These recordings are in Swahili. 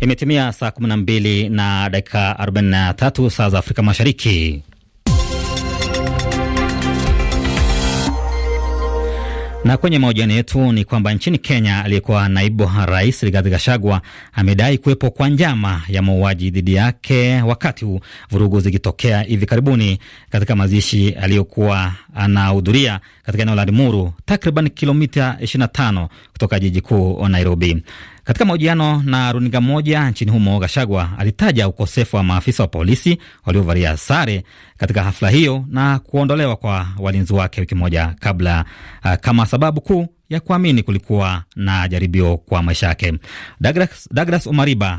Imetimia saa 12 na dakika 43 saa za Afrika Mashariki. Na kwenye mahojiano yetu ni kwamba nchini Kenya, aliyekuwa naibu rais Rigathi Gachagua amedai kuwepo kwa njama ya mauaji dhidi yake, wakati huu vurugu zikitokea hivi karibuni katika mazishi aliyokuwa anahudhuria katika eneo la Limuru, takriban kilomita 25 kutoka jiji kuu Nairobi. Katika mahojiano na runinga moja nchini humo, Gashagwa alitaja ukosefu wa maafisa wa polisi waliovalia sare katika hafla hiyo na kuondolewa kwa walinzi wake wiki moja kabla, uh, kama sababu kuu ya kuamini kulikuwa na jaribio kwa maisha yake. Douglas, Douglas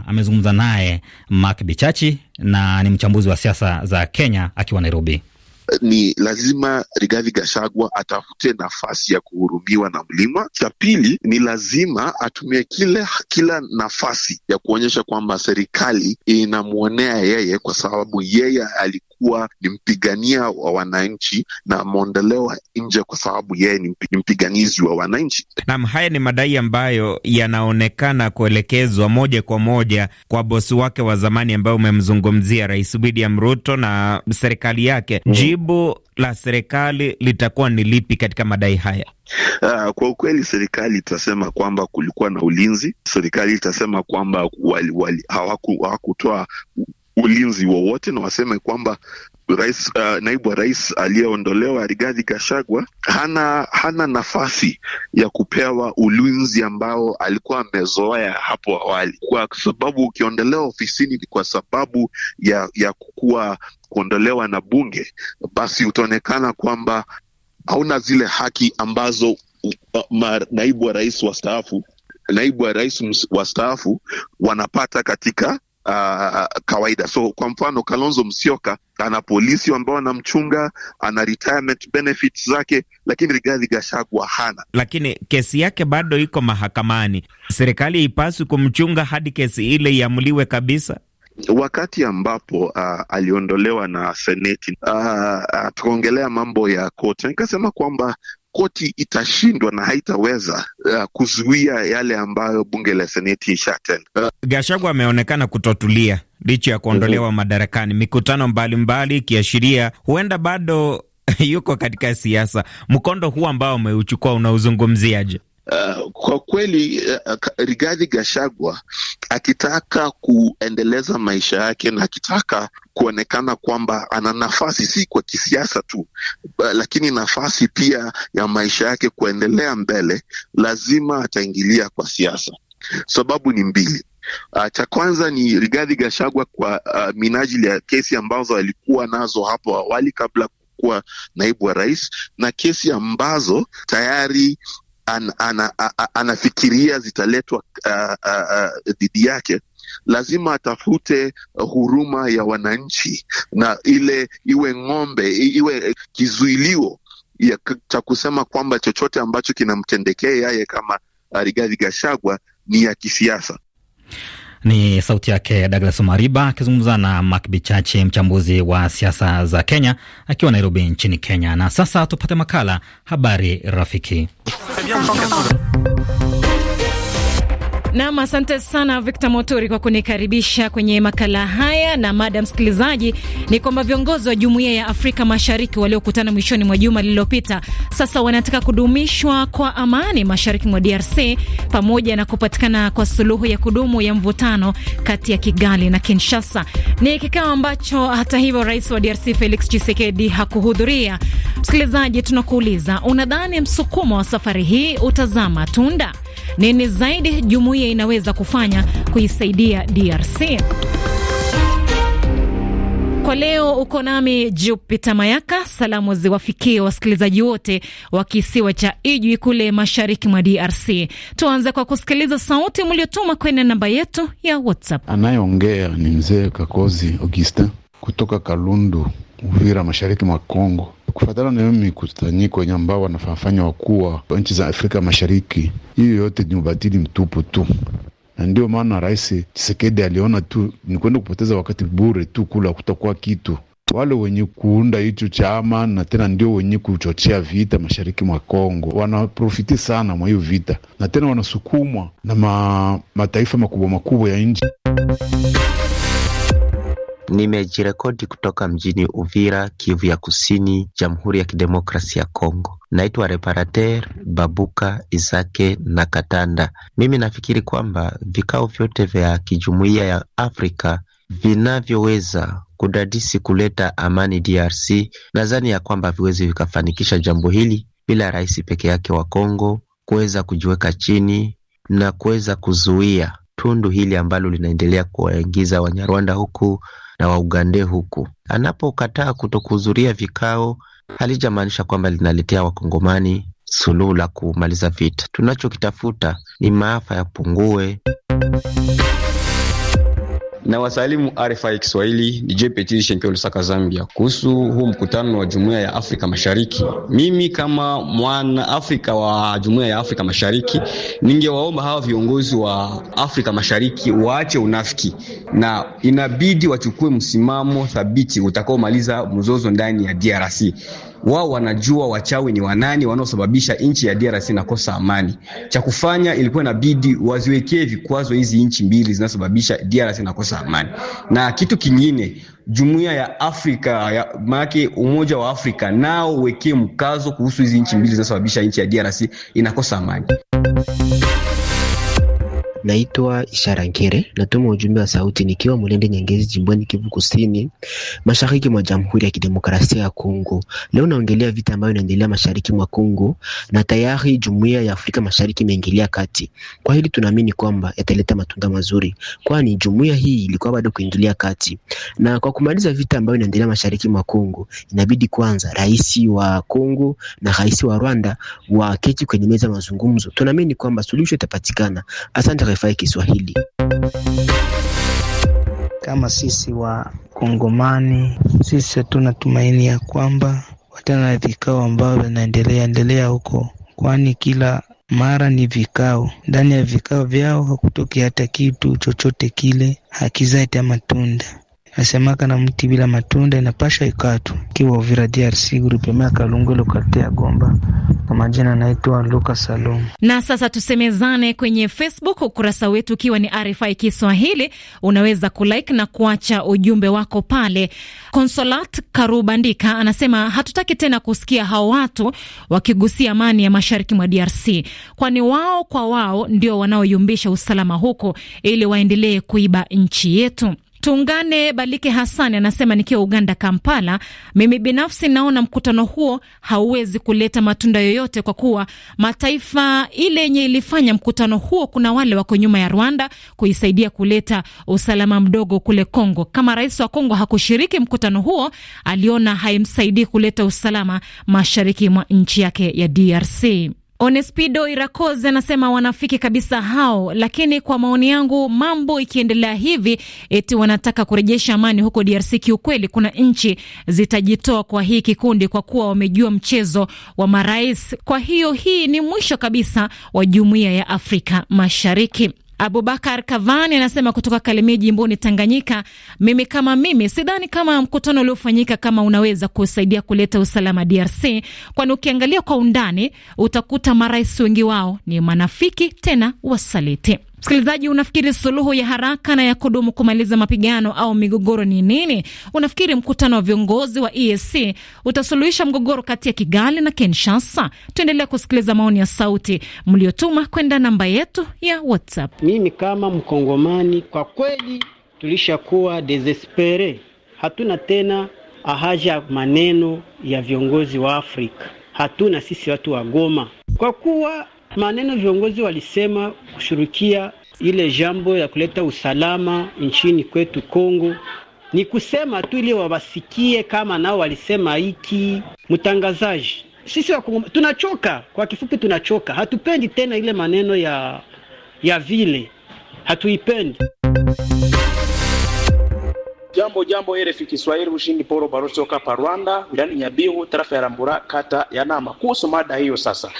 amezungumza naye Mark Bichachi na ni mchambuzi wa siasa za Kenya akiwa Nairobi ni lazima Rigathi Gachagua atafute nafasi ya kuhurumiwa na mlima. Cha pili ni lazima atumie kile kila nafasi ya kuonyesha kwamba serikali inamwonea yeye, kwa sababu yeye alikuwa kuwa ni mpigania wa wananchi na ameondolewa nje kwa sababu yeye ni mpiganizi wa wananchi. Naam, haya ni madai ambayo yanaonekana kuelekezwa moja kwa moja kwa bosi wake wa zamani ambaye umemzungumzia, Rais William Ruto na serikali yake. Mm. Jibu la serikali litakuwa ni lipi katika madai haya? Uh, kwa ukweli serikali itasema kwamba kulikuwa na ulinzi. Serikali itasema kwamba hawakutoa ulinzi wowote, na waseme kwamba rais, uh, naibu wa rais aliyeondolewa Rigathi Gachagua hana, hana nafasi ya kupewa ulinzi ambao alikuwa amezoea hapo awali, kwa sababu ukiondolewa ofisini ni kwa sababu ya, ya kukuwa kuondolewa na bunge, basi utaonekana kwamba hauna zile haki ambazo uh, ma, naibu wa rais wastaafu naibu wa rais wastaafu wanapata katika uh, kawaida. So kwa mfano Kalonzo msioka ana polisi ambao anamchunga, ana retirement benefits zake, lakini rigadhi gashagwa hana. Lakini kesi yake bado iko mahakamani, serikali haipaswi kumchunga hadi kesi ile iamuliwe kabisa wakati ambapo uh, aliondolewa na seneti uh, tukaongelea mambo ya koti, nikasema kwamba koti itashindwa na haitaweza uh, kuzuia yale ambayo bunge la seneti ishatenda. Uh, Gashagu ameonekana kutotulia licha ya kuondolewa uh mhm. -huh. madarakani, mikutano mbalimbali ikiashiria mbali, huenda bado yuko katika siasa. Mkondo huu ambao umeuchukua unauzungumziaje? Uh, kwa kweli uh, Rigathi Gashagwa akitaka kuendeleza maisha yake na akitaka kuonekana kwamba ana nafasi si kwa kisiasa tu, eh, lakini nafasi pia ya maisha yake kuendelea mbele, lazima ataingilia kwa siasa. Sababu ni mbili. Uh, cha kwanza ni Rigathi gashagwa kwa uh, minajili ya kesi ambazo alikuwa nazo hapo awali kabla kuwa naibu wa rais na kesi ambazo tayari an, an, a, anafikiria zitaletwa dhidi yake, lazima atafute huruma ya wananchi na ile iwe ng'ombe iwe kizuilio cha kusema kwamba chochote ambacho kinamtendekea yeye kama rigadhi gashagwa ni ya kisiasa. Ni sauti yake Douglas Omariba akizungumza na Mak Bichachi, mchambuzi wa siasa za Kenya, akiwa Nairobi nchini Kenya. Na sasa tupate makala Habari Rafiki. Nam, asante sana Victor Motori kwa kunikaribisha kwenye makala haya. Na mada msikilizaji ni kwamba viongozi wa Jumuiya ya Afrika Mashariki waliokutana mwishoni mwa juma lililopita sasa wanataka kudumishwa kwa amani mashariki mwa DRC pamoja na kupatikana kwa suluhu ya kudumu ya mvutano kati ya Kigali na Kinshasa. Ni kikao ambacho hata hivyo rais wa DRC Felix Tshisekedi hakuhudhuria. Msikilizaji, tunakuuliza, unadhani msukumo wa safari hii utazaa matunda? Nini zaidi jumuiya inaweza kufanya kuisaidia DRC? Kwa leo uko nami Jupita Mayaka. Salamu ziwafikie wasikilizaji wote wa kisiwa cha Ijwi kule mashariki mwa DRC. Tuanze kwa kusikiliza sauti mliotuma kwenye namba yetu ya WhatsApp. Anayeongea ni mzee Kakozi Augustin kutoka Kalundu, Uvira, mashariki mwa Kongo kufatana na hiyo mikusanyiko yenye ambao wanafanya wakuu wa nchi za Afrika Mashariki, hiyo yote ni ubatili mtupu tu, na ndio maana Rais Tshisekedi aliona tu ni kwenda kupoteza wakati bure tu, kula kutakuwa kitu wale wenye kuunda hicho chama na tena ndio wenye kuchochea vita mashariki mwa Kongo wanaprofiti sana mwa hiyo vita, na tena wanasukumwa na ma, mataifa makubwa makubwa ya nchi. Nimejirekodi kutoka mjini Uvira, Kivu ya Kusini, Jamhuri ya Kidemokrasi ya Kongo. Naitwa Reparater Babuka Isake na Katanda. Mimi nafikiri kwamba vikao vyote vya kijumuiya ya Afrika vinavyoweza kudadisi kuleta amani DRC, nadhani ya kwamba viwezi vikafanikisha jambo hili bila rais peke yake wa Kongo kuweza kujiweka chini na kuweza kuzuia tundu hili ambalo linaendelea kuwaingiza Wanyarwanda huku na waugande huku. Anapokataa kutokuhudhuria vikao, halijamaanisha kwamba linaletea wakongomani suluhu la kumaliza vita. Tunachokitafuta ni maafa yapungue na wasalimu RFI Kiswahili. Ni JPT Shenkeo Lusaka, Zambia. Kuhusu huu mkutano wa Jumuiya ya Afrika Mashariki, mimi kama mwana Afrika wa Jumuiya ya Afrika Mashariki ningewaomba hawa viongozi wa Afrika Mashariki waache unafiki na inabidi wachukue msimamo thabiti utakaomaliza mzozo ndani ya DRC wao wanajua wachawi ni wanani wanaosababisha nchi ya DRC inakosa amani. Cha kufanya ilikuwa inabidi waziwekee vikwazo hizi nchi mbili zinazosababisha DRC inakosa amani. Na kitu kingine, jumuiya ya Afrika maanake Umoja wa Afrika nao wekee mkazo kuhusu hizi nchi mbili zinazosababisha nchi ya DRC inakosa amani. Naitwa Ishara Ngere, natuma ujumbe wa sauti nikiwa Mulende nyengezi jimboni Kivu Kusini, mashariki mwa Jamhuri ya Kidemokrasia ya Kongo. Leo naongelea vita ambayo inaendelea mashariki mwa Kongo, na tayari Jumuiya ya Afrika Mashariki imeingilia kati. Kwa hili tunaamini kwamba yataleta matunda mazuri, kwani jumuiya hii ilikuwa bado kuingilia kati. Na kwa kumaliza vita ambayo inaendelea mashariki mwa Kongo, inabidi kwanza rais wa Kongo na rais wa Rwanda waketi kwenye meza mazungumzo. Tunaamini kwamba suluhisho itapatikana. Asante. RFI Kiswahili. Kama sisi wa Kongomani, sisi hatuna tumaini ya kwamba watana na vikao ambavyo vinaendelea endelea huko, kwani kila mara ni vikao. Ndani ya vikao vyao hakutoki hata kitu chochote kile hakizata matunda asemaka na mti bila matunda inapasha ikatu. Kiwa Uvira, DRC, grupema Kalungu karte ya Gomba, kwa majina anaitwa Luka Salum. Na sasa tusemezane kwenye Facebook, ukurasa wetu ukiwa ni RFI Kiswahili. Unaweza kulike na kuacha ujumbe wako pale. Konsolat Karubandika anasema hatutaki tena kusikia hao watu wakigusia amani ya mashariki mwa DRC, kwani wao kwa wao ndio wanaoyumbisha usalama huko, ili waendelee kuiba nchi yetu. Tuungane Balike Hasani anasema nikiwa Uganda, Kampala, mimi binafsi naona mkutano huo hauwezi kuleta matunda yoyote, kwa kuwa mataifa ile yenye ilifanya mkutano huo, kuna wale wako nyuma ya Rwanda kuisaidia kuleta usalama mdogo kule Kongo. Kama rais wa Kongo hakushiriki mkutano huo, aliona haimsaidii kuleta usalama mashariki mwa nchi yake ya DRC. Onespido Irakoze anasema wanafiki kabisa hao, lakini kwa maoni yangu, mambo ikiendelea hivi eti wanataka kurejesha amani huko DRC, kiukweli kuna nchi zitajitoa kwa hii kikundi, kwa kuwa wamejua mchezo wa marais. Kwa hiyo hii ni mwisho kabisa wa jumuiya ya Afrika Mashariki. Abubakar Kavani anasema kutoka Kalemie jimboni Tanganyika, mimi kama mimi sidhani kama mkutano uliofanyika kama unaweza kusaidia kuleta usalama DRC, kwani ukiangalia kwa undani utakuta marais wengi wao ni manafiki tena wasaliti. Msikilizaji, unafikiri suluhu ya haraka na ya kudumu kumaliza mapigano au migogoro ni nini? Unafikiri mkutano wa viongozi wa EAC utasuluhisha mgogoro kati ya Kigali na Kinshasa? Tuendelea kusikiliza maoni ya sauti mliotuma kwenda namba yetu ya WhatsApp. Mimi kama Mkongomani, kwa kweli tulishakuwa desespere, hatuna tena ahaja maneno ya viongozi wa Afrika, hatuna sisi watu wa Goma, kwa kuwa maneno viongozi walisema kushirikia ile jambo ya kuleta usalama nchini kwetu Kongo ni kusema tu ili wawasikie kama nao walisema hiki. Mtangazaji, sisi wakongo tunachoka. Kwa kifupi, tunachoka, hatupendi tena ile maneno ya ya vile, hatuipendi. Jambo jambo, RFI Kiswahili, ushindi poro barosoka pa Rwanda, ndani ya Bihu, tarafa ya Rambura, kata ya Nama, kuhusu mada hiyo sasa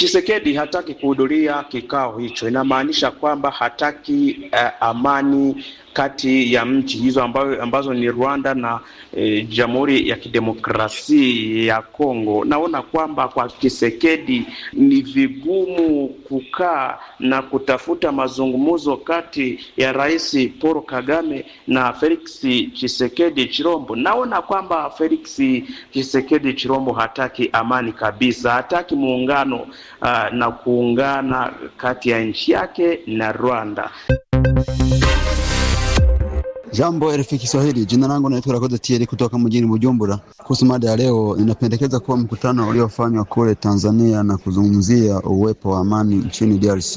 Chisekedi hataki kuhudhuria kikao hicho, inamaanisha kwamba hataki uh, amani kati ya nchi hizo ambazo, ambazo ni Rwanda na e, Jamhuri ya Kidemokrasia ya Kongo. Naona kwamba kwa Kisekedi ni vigumu kukaa na kutafuta mazungumzo kati ya Rais Paul Kagame na Felix Chisekedi Chirombo. Naona kwamba Felix Chisekedi Chirombo hataki amani kabisa, hataki muungano uh, na kuungana kati ya nchi yake na Rwanda. Jambo RFI Kiswahili, jina langu naitwa Rakoza Tieri kutoka mjini Bujumbura. Kuhusu mada ya leo, ninapendekeza kuwa mkutano uliofanywa kule Tanzania na kuzungumzia uwepo wa amani nchini DRC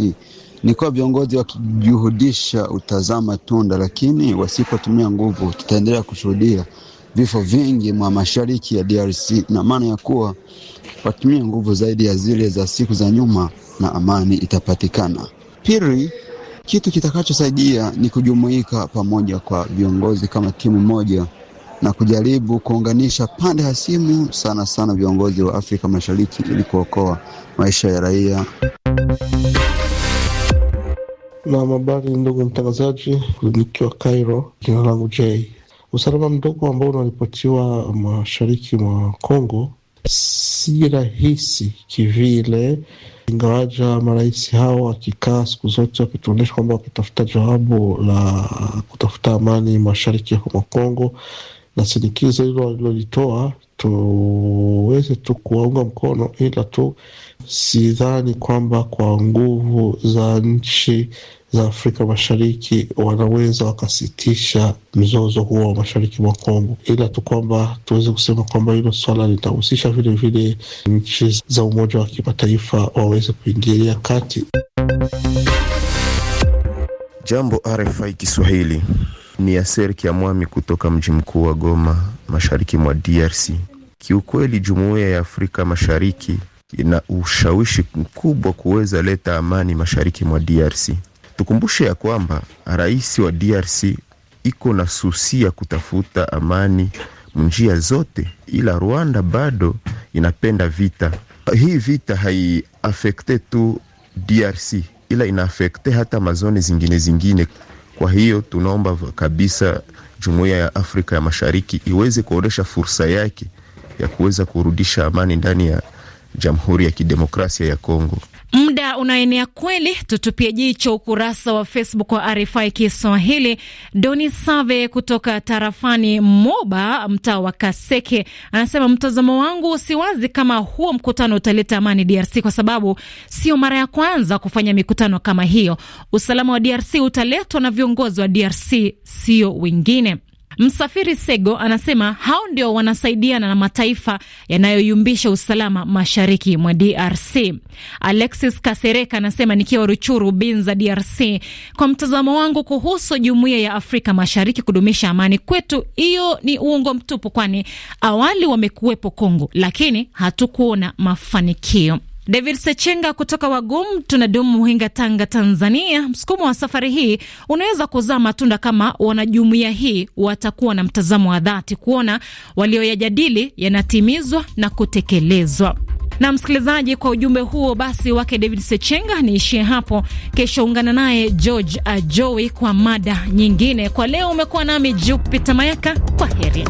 ni kuwa viongozi wakijuhudisha utazama tunda, lakini wasipotumia nguvu, tutaendelea kushuhudia vifo vingi mwa mashariki ya DRC, na maana ya kuwa watumie nguvu zaidi ya zile za siku za nyuma na amani itapatikana. Pili, kitu kitakachosaidia ni kujumuika pamoja kwa viongozi kama timu moja na kujaribu kuunganisha pande hasimu, sana sana viongozi wa Afrika Mashariki, ili kuokoa maisha ya raia. Naam, habari ndugu mtangazaji, nikiwa Cairo. Jina langu J. Usalama mdogo ambao unaripotiwa mashariki mwa Kongo si rahisi kivile, ingawaja marais hao wakikaa siku zote wakituonyesha kwamba wakitafuta jawabu la kutafuta amani mashariki ya Kongo na shinikizo hilo walilolitoa tuweze tu kuwaunga mkono, ila tu sidhani kwamba kwa nguvu za nchi za Afrika Mashariki wanaweza wakasitisha mzozo huo wa mashariki mwa Kongo, ila tu kwamba tuweze kusema kwamba hilo swala litahusisha vilevile nchi za Umoja wa Kimataifa waweze kuingilia kati. Jambo RFI Kiswahili. Ni Aser Kiamwami kutoka mji mkuu wa Goma, mashariki mwa DRC. Kiukweli, jumuiya ya Afrika Mashariki ina ushawishi mkubwa kuweza leta amani mashariki mwa DRC. Tukumbushe ya kwamba rais wa DRC iko na susia kutafuta amani njia zote, ila Rwanda bado inapenda vita. Hii vita haiafekte tu DRC, ila inaafekte hata mazone zingine zingine. Kwa hiyo tunaomba kabisa jumuiya ya Afrika ya Mashariki iweze kuonyesha fursa yake ya kuweza kurudisha amani ndani ya Jamhuri ya Kidemokrasia ya Kongo. Muda unaenea kweli, tutupie jicho ukurasa wa Facebook wa RFI Kiswahili. Doni Save kutoka tarafani Moba, mtaa wa Kaseke, anasema mtazamo wangu si wazi kama huo mkutano utaleta amani DRC, kwa sababu sio mara ya kwanza kufanya mikutano kama hiyo. Usalama wa DRC utaletwa na viongozi wa DRC, sio wengine. Msafiri Sego anasema hao ndio wanasaidiana na mataifa yanayoyumbisha usalama mashariki mwa DRC. Alexis Kasereka anasema nikiwa Ruchuru Binza, DRC, kwa mtazamo wangu kuhusu jumuiya ya Afrika Mashariki kudumisha amani kwetu, hiyo ni uongo mtupu, kwani awali wamekuwepo Kongo, lakini hatukuona mafanikio. David Sechenga kutoka Wagum tunadumu Muhinga, Tanga, Tanzania. Msukumo wa safari hii unaweza kuzaa matunda kama wanajumuia hii watakuwa na mtazamo wa dhati kuona walioyajadili yanatimizwa na kutekelezwa na msikilizaji, kwa ujumbe huo basi wake David Sechenga, niishie hapo. Kesho ungana naye George Ajowi kwa mada nyingine. Kwa leo umekuwa nami Jupita Mayaka, kwa heri.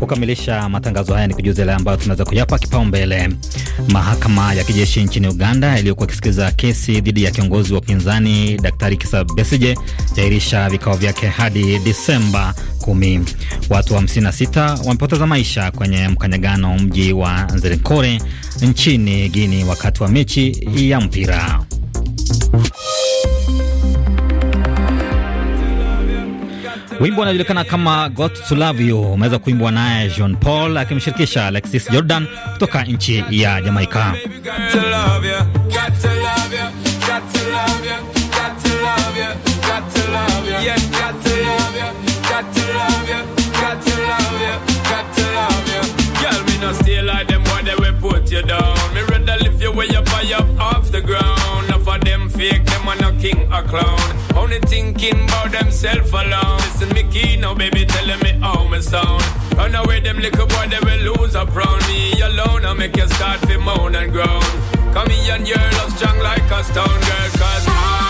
Kukamilisha matangazo haya ni kujuza yale ambayo tunaweza kuyapa kipaumbele. Mahakama ya kijeshi nchini Uganda iliyokuwa ikisikiliza kesi dhidi ya kiongozi wa upinzani Daktari Kisa Besije yaahirisha vikao vyake hadi Disemba kumi. Watu 56 wamepoteza maisha kwenye mkanyagano mji wa Nzerekore nchini Guini wakati wa mechi ya mpira. Wimbo unajulikana kama Got to Love You umeweza kuimbwa naye Jean Paul akimshirikisha Alexis Jordan kutoka nchi ya Jamaika. King a clown, only thinking about themself alone. now, baby, telling me how me sound. Run away, them little boy, they will lose up round me alone. I make you start to moan and groan. Come here and your love strong like a stone girl, cause I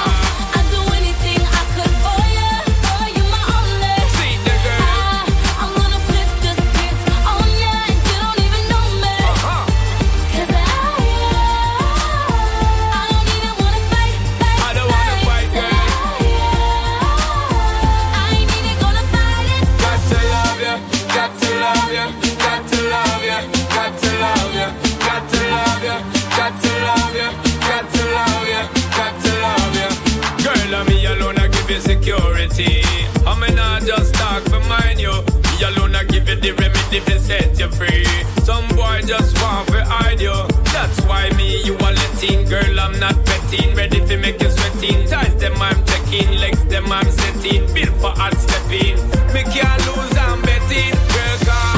just want for ideal. That's why me, you are letting. Girl, I'm not betting. Ready to make you sweating. Ties them I'm checking. Legs them I'm setting. Built for hard stepping. Make you lose, I'm betting. Girl, God.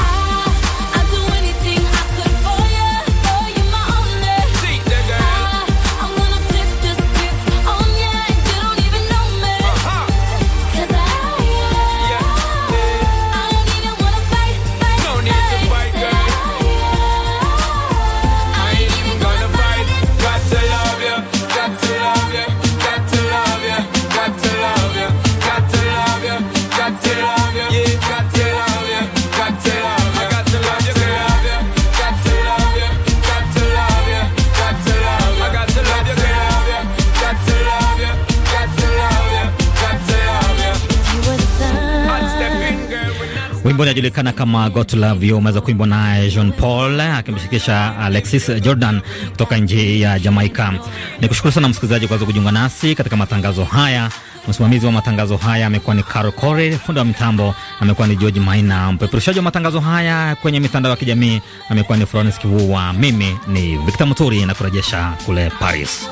ambayo inajulikana kama Got to Love You umeweza kuimbwa na Jean Paul akimshirikisha Alexis Jordan kutoka nchi ya Jamaica. Nikushukuru sana msikilizaji kuweza kujiunga nasi katika matangazo haya. Msimamizi wa matangazo haya amekuwa ni Caro Core, fundi wa mitambo amekuwa ni George Maina, mpeperushaji wa matangazo haya kwenye mitandao ya kijamii amekuwa ni Florence Kivua. Mimi ni Victor Muturi na kurejesha kule Paris.